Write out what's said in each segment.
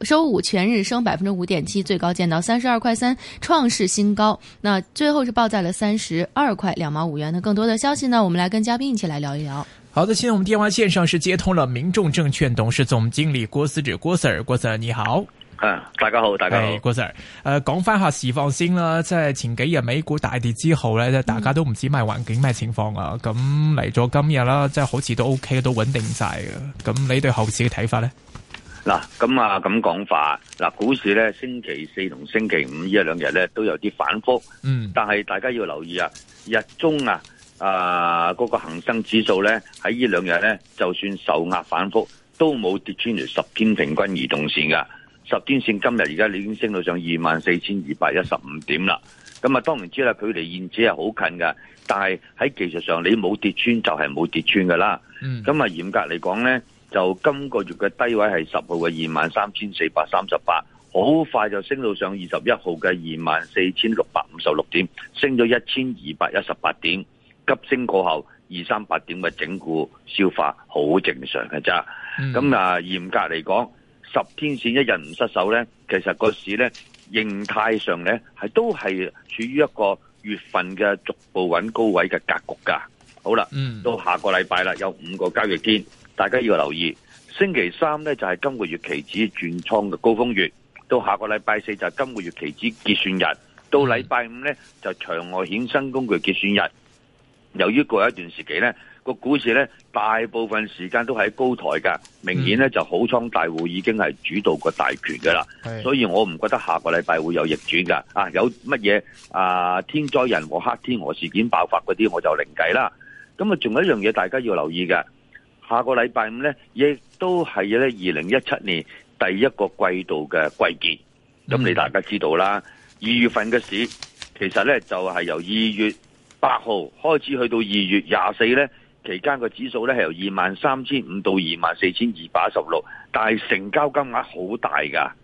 周五全日升百分之五點七，最高見到三十二塊三，創世新高。那最後是報在了三十二塊兩毛五元。那更多的消息呢？我們來跟嘉賓一起來聊一聊。好的，現在我們電話線上是接通了民眾證券董事總經理郭思治郭 Sir，郭 Sir 你好、啊。大家好，大家好，hey, 郭 Sir、呃。誒，講翻下市況先啦，即係前幾日美股大跌之後呢，即係大家都唔知咩環境咩情況啊。咁嚟咗今日啦，即係好似都 OK，都穩定晒嘅、啊。咁你對後市嘅睇法呢？嗱、啊，咁啊咁講法，嗱，股市咧星期四同星期五呢一兩日咧都有啲反覆，嗯，但係大家要留意啊，日中啊，啊嗰、嗰個恒生指數咧喺呢兩日咧，就算受壓反覆，都冇跌穿條十天平均移動線㗎。十天線今日而家已經升到上二萬四千二百一十五點啦。咁啊，當然知啦，距離現指係好近㗎，但係喺技術上你冇跌穿就係冇跌穿㗎啦。嗯，咁啊，嚴格嚟講咧。就今個月嘅低位係十號嘅二萬三千四百三十八，好快就升到上二十一號嘅二萬四千六百五十六點，升咗一千二百一十八點，急升過後二三八點嘅整固消化，好正常嘅咋。咁啊，嚴格嚟講，十天線一日唔失手呢。其實個市呢，形態上呢，係都係處於一個月份嘅逐步搵高位嘅格局噶。好啦，到下個禮拜啦，有五個交易天。大家要留意，星期三咧就係今個月期指轉倉嘅高峰月，到下個禮拜四就係今個月期指結算日，到禮拜五咧就場外衍生工具結算日。由於過一段時期咧，個股市咧大部分時間都喺高台，噶，明顯咧就好倉大戶已經係主導個大權噶啦，所以我唔覺得下個禮拜會有逆轉噶。啊，有乜嘢啊天災人禍、黑天鵝事件爆發嗰啲，我就另計啦。咁啊，仲有一樣嘢大家要留意嘅。下個禮拜五呢，亦都係呢二零一七年第一個季度嘅季結。咁、嗯、你大家知道啦，二月份嘅市其實呢就係、是、由二月八號開始去到二月廿四呢期間個指數呢係由二萬三千五到二萬四千二百十六，但係成交金額好大噶。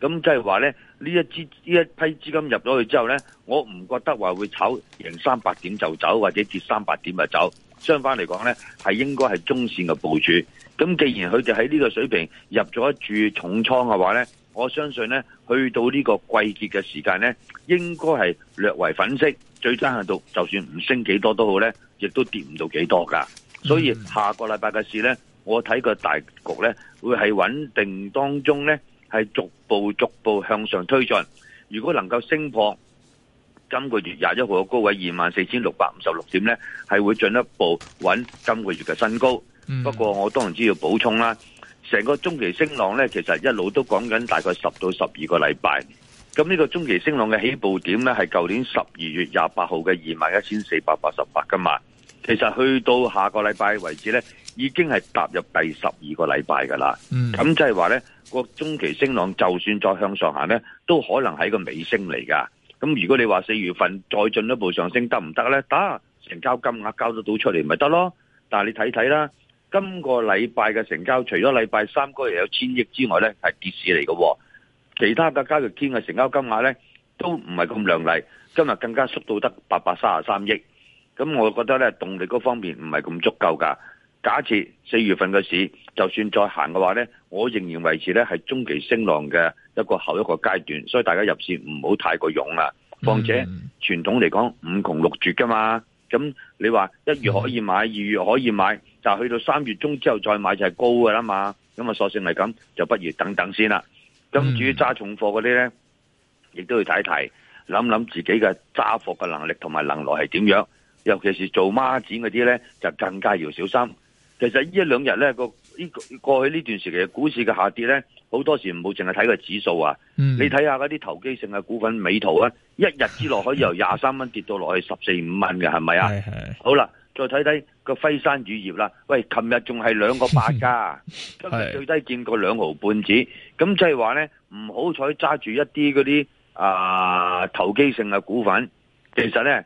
咁即係話呢，呢一支呢一批資金入咗去之後呢，我唔覺得話會炒贏三百點就走，或者跌三百點就走。相反嚟講呢，係應該係中線嘅部署。咁既然佢哋喺呢個水平入咗一注重倉嘅話呢，我相信呢去到呢個季節嘅時間呢，應該係略為粉飾。最差限度，就算唔升幾多都好呢，亦都跌唔到幾多噶。所以下個禮拜嘅市呢，我睇個大局呢會係穩定當中呢，係逐步逐步向上推進。如果能夠升破。今個月廿一號嘅高位二萬四千六百五十六點咧，係會進一步揾今個月嘅新高。Mm. 不過我當然需要補充啦，成個中期升浪咧，其實一路都講緊大概十到十二個禮拜。咁呢個中期升浪嘅起步點咧，係舊年十二月廿八號嘅二萬一千四百八十八噶嘛。其實去到下個禮拜為止咧，已經係踏入第十二個禮拜噶啦。咁即係話咧，個中期升浪就算再向上行咧，都可能係一個尾聲嚟噶。咁如果你話四月份再進一步上升得唔得呢？打成交金額交得到出嚟，咪得咯。但係你睇睇啦，今個禮拜嘅成交除咗禮拜三嗰日有千億之外呢，係跌市嚟嘅。其他嘅交易天嘅成交金額呢，都唔係咁亮麗。今日更加縮到得八百三十三億。咁我覺得呢，動力嗰方面唔係咁足夠噶。假設四月份嘅市就算再行嘅話呢，我仍然維持呢係中期升浪嘅一個後一個階段，所以大家入市唔好太過勇啦。況且傳統嚟講五窮六絕噶嘛，咁你話一月可以買，二月可以買，但去到三月中之後再買就係高噶啦嘛。咁啊，索性嚟咁，就不如等等先啦。咁至於揸重貨嗰啲呢，亦都要睇一睇，諗諗自己嘅揸貨嘅能力同埋能耐係點樣，尤其是做孖展嗰啲呢，就更加要小心。其實呢一兩日咧，個過去呢段時期，股市嘅下跌咧，好多時唔好淨係睇個指數啊。嗯、你睇下嗰啲投機性嘅股份，美圖啊，一日之內可以由廿三蚊跌到落去十四五蚊嘅，係咪 啊？係係。好啦，再睇睇個輝山乳業啦。喂，琴日仲係兩個八家， 今日最低見過兩毫半紙。咁即係話咧，唔好彩揸住一啲嗰啲啊投機性嘅股份，其實咧。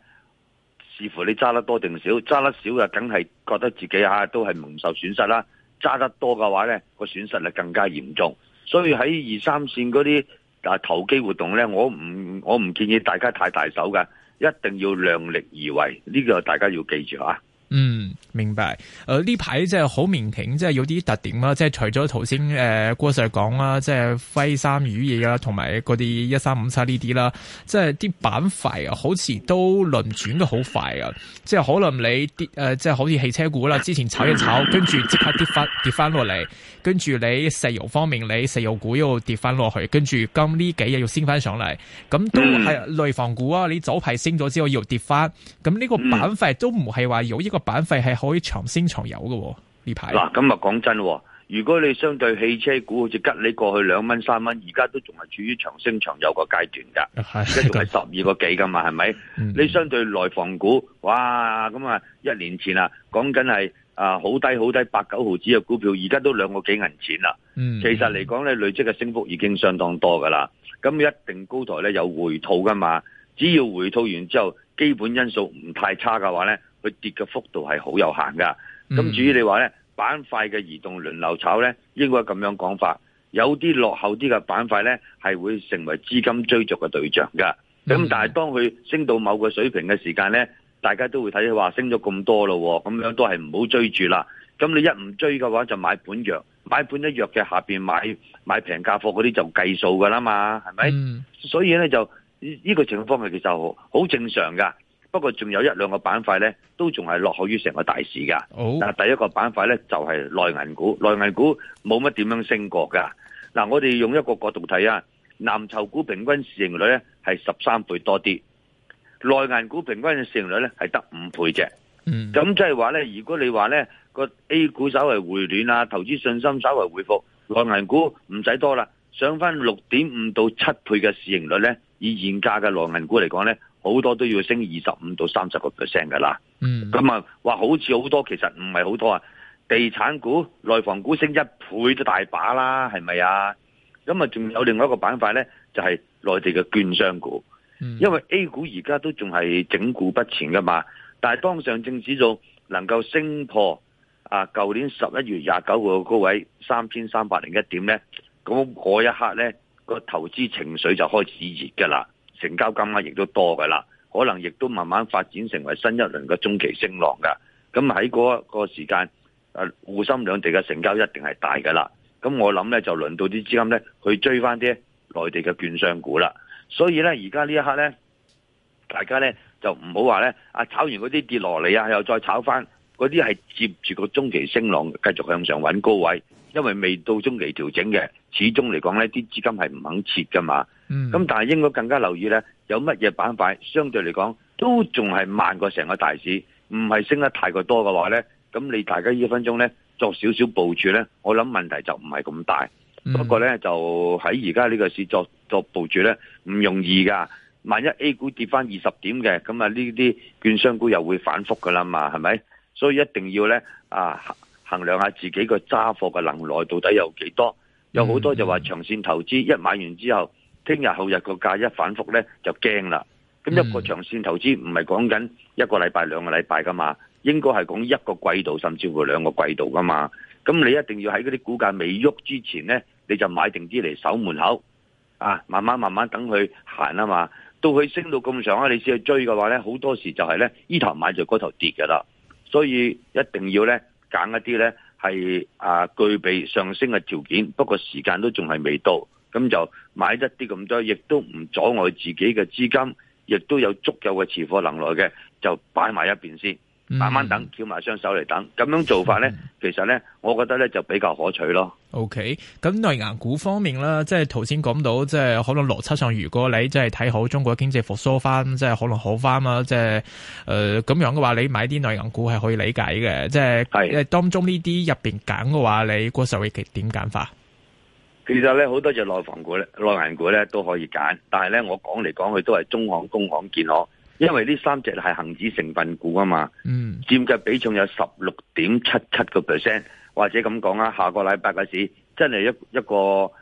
似乎你揸得多定少，揸得少嘅梗係覺得自己吓都係蒙受損失啦，揸得多嘅話呢個損失啊更加嚴重，所以喺二三綫嗰啲啊投機活動呢，我唔我唔建議大家太大手噶，一定要量力而為，呢個大家要記住啊。嗯。明白，誒呢排即係好明顯，即係有啲特點啦，即係除咗頭先誒郭 Sir 講啦，即係飛三魚嘢啦，同埋嗰啲一三五七呢啲啦，即係啲板塊啊，好似都輪轉得好快啊，即係可能你跌即係、呃、好似汽車股啦，之前炒一炒，跟住即刻跌翻跌翻落嚟，跟住你石油方面，你石油股又跌翻落去，跟住今呢幾日又升翻上嚟，咁都係內房股啊，你早排升咗之後又跌翻，咁呢個板塊都唔係話有呢個板塊係可以長升長有嘅呢排嗱，咁日講真，如果你相對汽車股好似吉利你過去兩蚊三蚊，而家都仲係處於長升長有階 在在個階段噶，即係仲係十二個幾噶嘛，係 咪？你相對內房股，哇，咁啊，一年前啊，講緊係啊好低好低，八九毫子嘅股票，而家都兩個幾銀錢啦。 其實嚟講咧，累積嘅升幅已經相當多噶啦。咁一定高台咧有回吐噶嘛，只要回吐完之後，基本因素唔太差嘅話咧。佢跌嘅幅度係好有限噶，咁至於你話咧，板塊嘅移動輪流炒咧，應該咁樣講法。有啲落後啲嘅板塊咧，係會成為資金追逐嘅對象噶。咁但係當佢升到某個水平嘅時間咧，大家都會睇話升咗咁多咯，咁樣都係唔好追住啦。咁你一唔追嘅話，就買盤弱，買盤一弱嘅下面買買平價貨嗰啲就計數噶啦嘛，係咪、嗯？所以咧就呢、呢個情況係其實好正常噶。不過仲有一兩個板塊呢，都仲係落後於成個大市噶。嗱、oh，第一個板塊呢，就係內銀股，內銀股冇乜點樣升過噶。嗱、啊，我哋用一個角度睇啊，藍籌股平均市盈率呢係十三倍多啲，內銀股平均嘅市盈率呢係得五倍啫。咁即係話呢，如果你話呢個 A 股稍為回暖啊，投資信心稍為回復，內銀股唔使多啦，上翻六點五到七倍嘅市盈率呢，以現價嘅內銀股嚟講呢。好多都要升二十五到三十個 percent 噶啦咁啊，話好似好多，其實唔係好多啊。地產股、內房股升一倍都大把啦，係咪啊？咁啊，仲有另外一個板塊呢，就係、是、內地嘅券商股，嗯，因為 A 股，而家都仲係整固不前噶嘛。但係當上證指數能夠升破啊舊年十一月廿九號嘅高位三千三百零一點呢，咁嗰一刻呢，個投資情緒就開始熱噶啦。成交金額亦都多噶啦，可能亦都慢慢發展成為新一輪嘅中期升浪噶。咁喺嗰個時間，誒，滬深兩地嘅成交一定係大噶啦。咁我諗咧就輪到啲資金咧去追翻啲內地嘅券商股啦。所以咧而家呢一刻咧，大家咧就唔好話咧，啊炒完嗰啲跌落嚟啊，又再炒翻嗰啲係接住個中期升浪繼續向上揾高位，因為未到中期調整嘅，始終嚟講咧啲資金係唔肯撤噶嘛。咁、嗯、但係應該更加留意咧，有乜嘢板塊相對嚟講都仲係慢過成個大市，唔係升得太過多嘅話咧，咁你大家呢一分鐘咧作少少部署咧，我諗問題就唔係咁大、嗯。不過咧就喺而家呢個市作作部署咧唔容易噶，萬一 A 股跌翻二十點嘅，咁啊呢啲券商股又會反復噶啦嘛，係咪？所以一定要咧啊衡量下自己個揸貨嘅能耐到底有幾多，有好多就話長線投資一買完之後。聽日後日個價一反複咧就驚啦，咁一個長線投資唔係講緊一個禮拜兩個禮拜噶嘛，應該係講一個季度甚至乎兩個季度噶嘛，咁你一定要喺嗰啲股價未喐之前咧，你就買定啲嚟守門口，啊，慢慢慢慢等佢行啊嘛，到佢升到咁上下，你先去追嘅話咧，好多時就係咧呢頭買就嗰頭跌噶啦，所以一定要咧揀一啲咧係啊具備上升嘅條件，不過時間都仲係未到。咁就買得啲咁多，亦都唔阻礙自己嘅資金，亦都有足夠嘅持貨能耐嘅，就擺埋一邊先，慢慢等，翹、嗯、埋雙手嚟等。咁樣做法咧、嗯，其實咧，我覺得咧就比較可取咯。OK，咁內銀股方面啦，即係頭先講到，即係可能邏輯上，如果你即係睇好中國經濟復甦翻，即係可能好翻啦，即係誒咁樣嘅話，你買啲內銀股係可以理解嘅。即係誒當中呢啲入邊揀嘅話，你嗰時候會點揀法？其實咧，好多隻內房股、內銀股咧都可以揀，但係咧，我講嚟講去都係中行、工行、建行，因為呢三隻係恒指成分股啊嘛，嗯，佔嘅比重有十六點七七個 percent，或者咁講啊，下個禮拜嘅市真係一個一個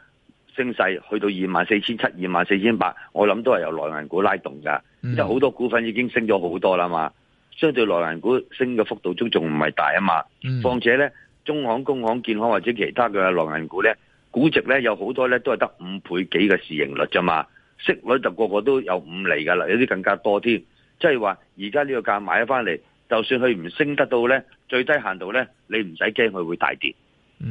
升勢，去到二萬四千七、二萬四千八，我諗都係由內銀股拉動噶，因為好多股份已經升咗好多啦嘛，相對內銀股升嘅幅度都仲唔係大啊嘛，嗯，況且咧，中行、工行、建行或者其他嘅內銀股咧。估值咧，有好多咧，都係得五倍幾嘅市盈率啫嘛，息率就個個都有五厘噶啦，有啲更加多添。即係話而家呢個價買咗翻嚟，就算佢唔升得到咧，最低限度咧，你唔使驚佢會大跌，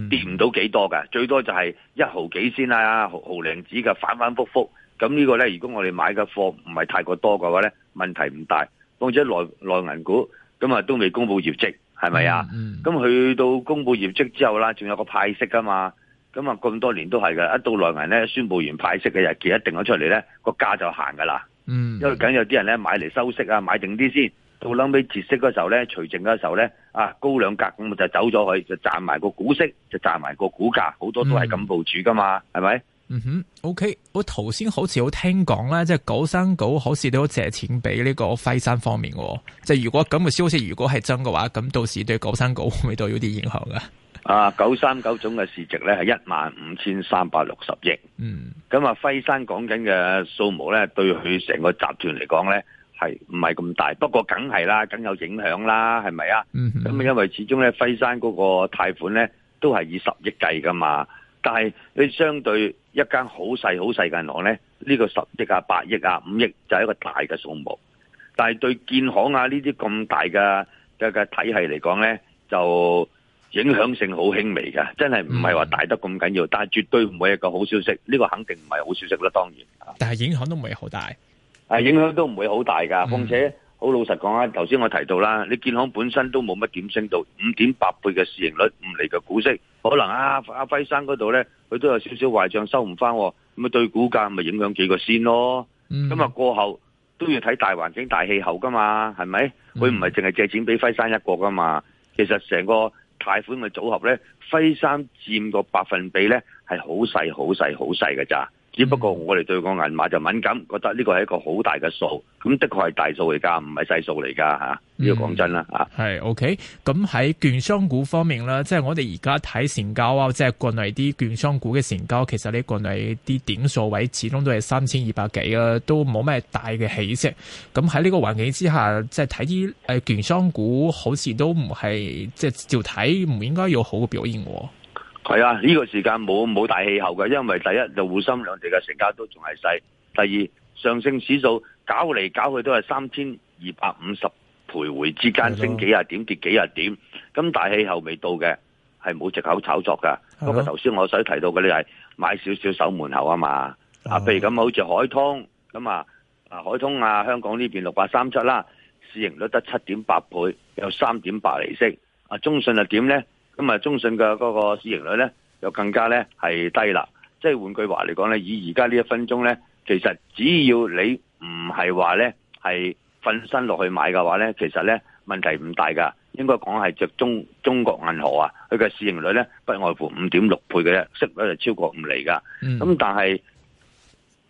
跌唔到幾多噶，最多就係一毫幾先啦，啊，毫零子㗎，反反复复。咁呢個咧，如果我哋買嘅貨唔係太過多嘅話咧，問題唔大。況且內內銀股咁啊都未公布業績，係咪啊？咁，嗯嗯、去到公布業績之後啦，仲有個派息噶嘛。咁啊，咁多年都係嘅。一到內銀咧，宣布完派息嘅日期一定咗出嚟咧，個價就行噶啦。嗯，因為梗有啲人咧買嚟收息啊，買定啲先，到後屘截息嗰時候咧，除淨嗰時候咧，啊高兩格咁就走咗去，就賺埋個股息，就賺埋個股價，好多都係咁部署噶嘛，係、嗯、咪？嗯哼，OK，我頭先好似，就是、好聽講啦，即係九三九好似都借錢俾呢個輝山方面喎。即係如果咁嘅消息如果係真嘅話，咁到時對九三九會唔會都有啲影響㗎？啊，九三九總嘅市值咧係一萬五千三百六十億，嗯，咁啊輝山講緊嘅數目咧，對佢成個集團嚟講咧係唔係咁大，不過梗係、啊、啦，梗有影響啦，係咪啊？咁、嗯、因為始終咧輝山嗰個貸款咧都係以十億計噶嘛，但係你相對。一間好細好細嘅銀行咧，呢個十億啊、八億啊、五億就係一個大嘅數目，但係對建行啊呢啲咁大嘅嘅體系嚟講咧，就影響性好輕微㗎。真係唔係話大得咁緊要，但係絕對唔會係一個好消息，呢個肯定唔係好消息啦，當然。但係影響都唔係好大，影響都唔會好大噶，況、嗯、且。好老實講啊，頭先我提到啦，你建行本身都冇乜點升到五點八倍嘅市盈率，唔嚟嘅股息，可能阿阿輝山嗰度咧，佢都有少少壞賬收唔翻，咁啊對股價咪影響幾個先咯。咁、嗯、啊過後都要睇大環境大氣候噶嘛，係咪？佢唔係淨係借錢俾輝山一個噶嘛，其實成個貸款嘅組合咧，輝山占個百分比咧係好細好細好細嘅咋。只不過我哋對個銀碼就敏感，嗯、覺得呢個係一個好大嘅數，咁的確係大數嚟噶，唔係細數嚟噶嚇。呢個講真啦，係、嗯、OK。咁喺券商股方面啦，即係我哋而家睇成交啊，即係國內啲券商股嘅成交，其實呢國內啲點數位始終都係三千二百幾啊，都冇咩大嘅起色。咁喺呢個環境之下，即係睇啲誒券商股好似都唔係即係照睇唔應該有好嘅表現喎。係啊，呢、這個時間冇冇大氣候嘅，因為第一就滬深兩地嘅成交都仲係細，第二上證指數搞嚟搞去都係三千二百五十徘徊之間，升幾廿點，跌幾廿點，咁大氣候未到嘅，係冇藉口炒作噶。咁過頭先我所提到嘅咧，係買少少守門口啊嘛，啊，譬如咁好似海通咁啊，海啊海通啊香港呢邊六百三七啦，市盈率得七點八倍，有三點八厘息。啊，中信又點呢？咁啊，中信嘅嗰個市盈率咧，又更加咧係低啦。即係換句話嚟講咧，以而家呢一分鐘咧，其實只要你唔係話咧係瞓身落去買嘅話咧，其實咧問題唔大噶。應該講係着中中國銀河啊，佢嘅市盈率咧不外乎五點六倍嘅啫，息率係超過五厘噶。咁、嗯、但係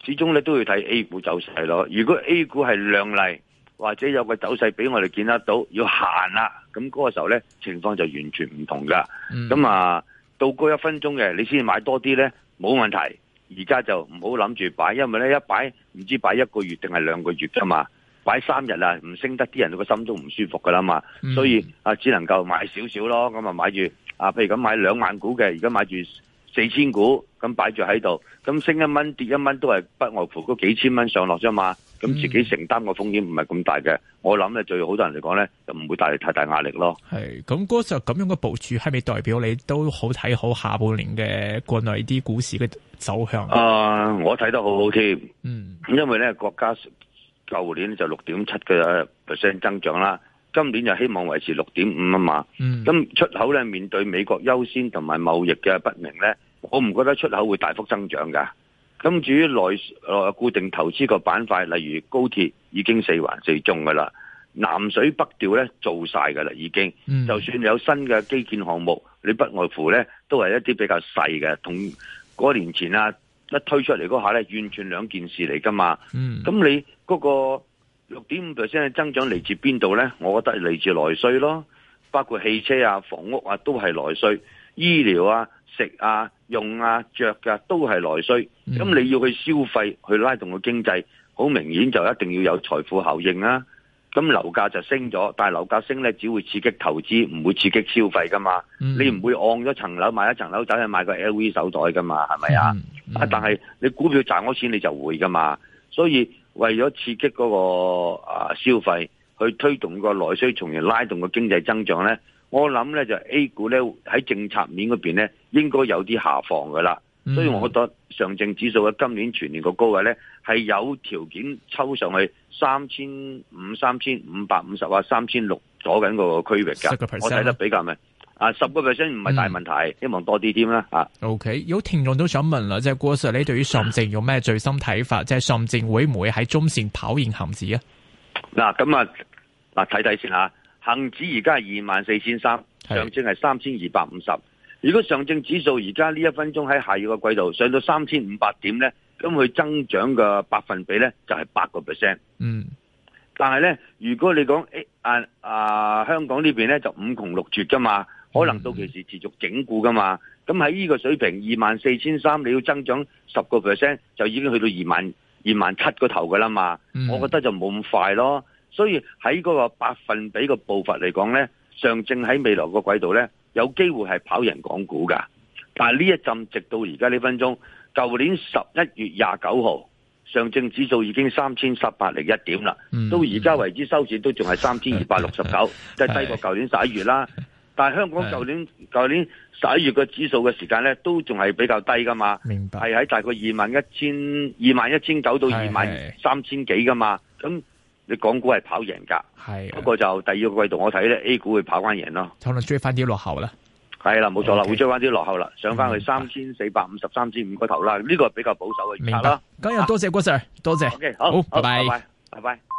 始終你都要睇 A 股走勢咯。如果 A 股係靚麗，或者有個走勢俾我哋見得到，要行啦、啊。咁嗰個時候咧，情況就完全唔同噶。咁啊，到嗰一分鐘嘅，你先買多啲咧，冇問題。而家就唔好諗住擺，因為咧一擺唔知擺一個月定係兩個月㗎嘛。擺三日啊，唔升得，啲人個心都唔舒服㗎啦嘛。所以啊，只能夠買少少咯。咁啊，買住啊，譬如咁買兩萬股嘅，而家買住。四千股咁擺住喺度，咁升一蚊跌一蚊都係不外乎嗰幾千蚊上落啫嘛，咁自己承擔個風險唔係咁大嘅。我諗咧最好多人嚟講咧，就唔會帶嚟太大壓力咯。係，咁嗰時候咁樣嘅部署係咪代表你都好睇好下半年嘅國內啲股市嘅走向？誒、啊，我睇得好好添，嗯，因為咧國家舊年就六點七嘅 percent 增長啦。今年就希望維持六點五啊嘛，咁、嗯、出口咧面對美國優先同埋貿易嘅不明咧，我唔覺得出口會大幅增長噶。咁至於內固定投資個板塊，例如高鐵已經四環四中噶啦，南水北調咧做晒噶啦已經，嗯、就算有新嘅基建項目，你不外乎咧都係一啲比較細嘅，同嗰年前啊一推出嚟嗰下咧完全兩件事嚟噶嘛。咁、嗯、你嗰、嗰個。六點五 percent 嘅增長嚟自邊度呢？我覺得嚟自內需咯，包括汽車啊、房屋啊，都係內需；醫療啊、食啊、用啊、着噶、啊，都係內需。咁你要去消費，去拉動個經濟，好明顯就一定要有財富效應啊！咁樓價就升咗，但係樓價升呢，只會刺激投資，唔會刺激消費噶嘛。嗯、你唔會按咗層樓買一層樓，走去買個 LV 手袋噶嘛？係咪啊？但係你股票賺咗錢，你就會噶嘛。所以。為咗刺激嗰個啊消費，去推動個內需，從而拉動個經濟增長咧，我諗咧就 A 股咧喺政策面嗰邊咧，應該有啲下放噶啦，mm -hmm. 所以我覺得上證指數嘅今年全年個高位咧，係有條件抽上去三千五、三千五百五十啊，三千六左緊個區域噶，我睇得比較咩？啊，十個 percent 唔係大問題，嗯、希望多啲添啦。啊，OK，有聽眾都想問啦，即係郭 Sir，你對於上證有咩最新睇法？即係上證會唔會喺中線跑贏恒指啊？嗱，咁啊，嗱、啊，睇睇先吓，恒指而家係二萬四千三，上證係三千二百五十。如果上證指數而家呢一分鐘喺下一個季度上到三千五百點咧，咁佢增長嘅百分比咧就係八個 percent。嗯，但係咧，如果你講誒、哎、啊啊香港呢邊咧就五窮六絕噶嘛。可能到期時持續整固噶嘛，咁喺呢個水平二萬四千三，你要增長十個 percent 就已經去到二萬二萬七個頭噶啦嘛、嗯，我覺得就冇咁快咯。所以喺嗰個百分比嘅步伐嚟講呢，上證喺未來個軌道呢，有機會係跑贏港股噶。但係呢一陣直到而家呢分鐘，舊年十一月廿九號，上證指數已經三千十八零一點啦、嗯，到而家為止收市都仲係三千二百六十九，即係低過舊年十一月啦。 但係香港舊年舊、啊、年十一月嘅指數嘅時間咧，都仲係比較低噶嘛。明白。係喺大概二萬一千二萬一千九到二萬三千幾噶嘛。咁你港股係跑贏㗎。係、啊。不過就第二個季度我睇咧，A 股會跑翻贏咯。可能追翻啲落後啦。係啦，冇錯啦，okay，會追翻啲落後啦，上翻去三千四百五十三千五個頭啦。呢、這個係比較保守嘅預測啦。今日多謝郭 Sir，、啊、多謝。O、okay, K，好，拜、哦、拜，拜拜。Bye bye bye bye, bye bye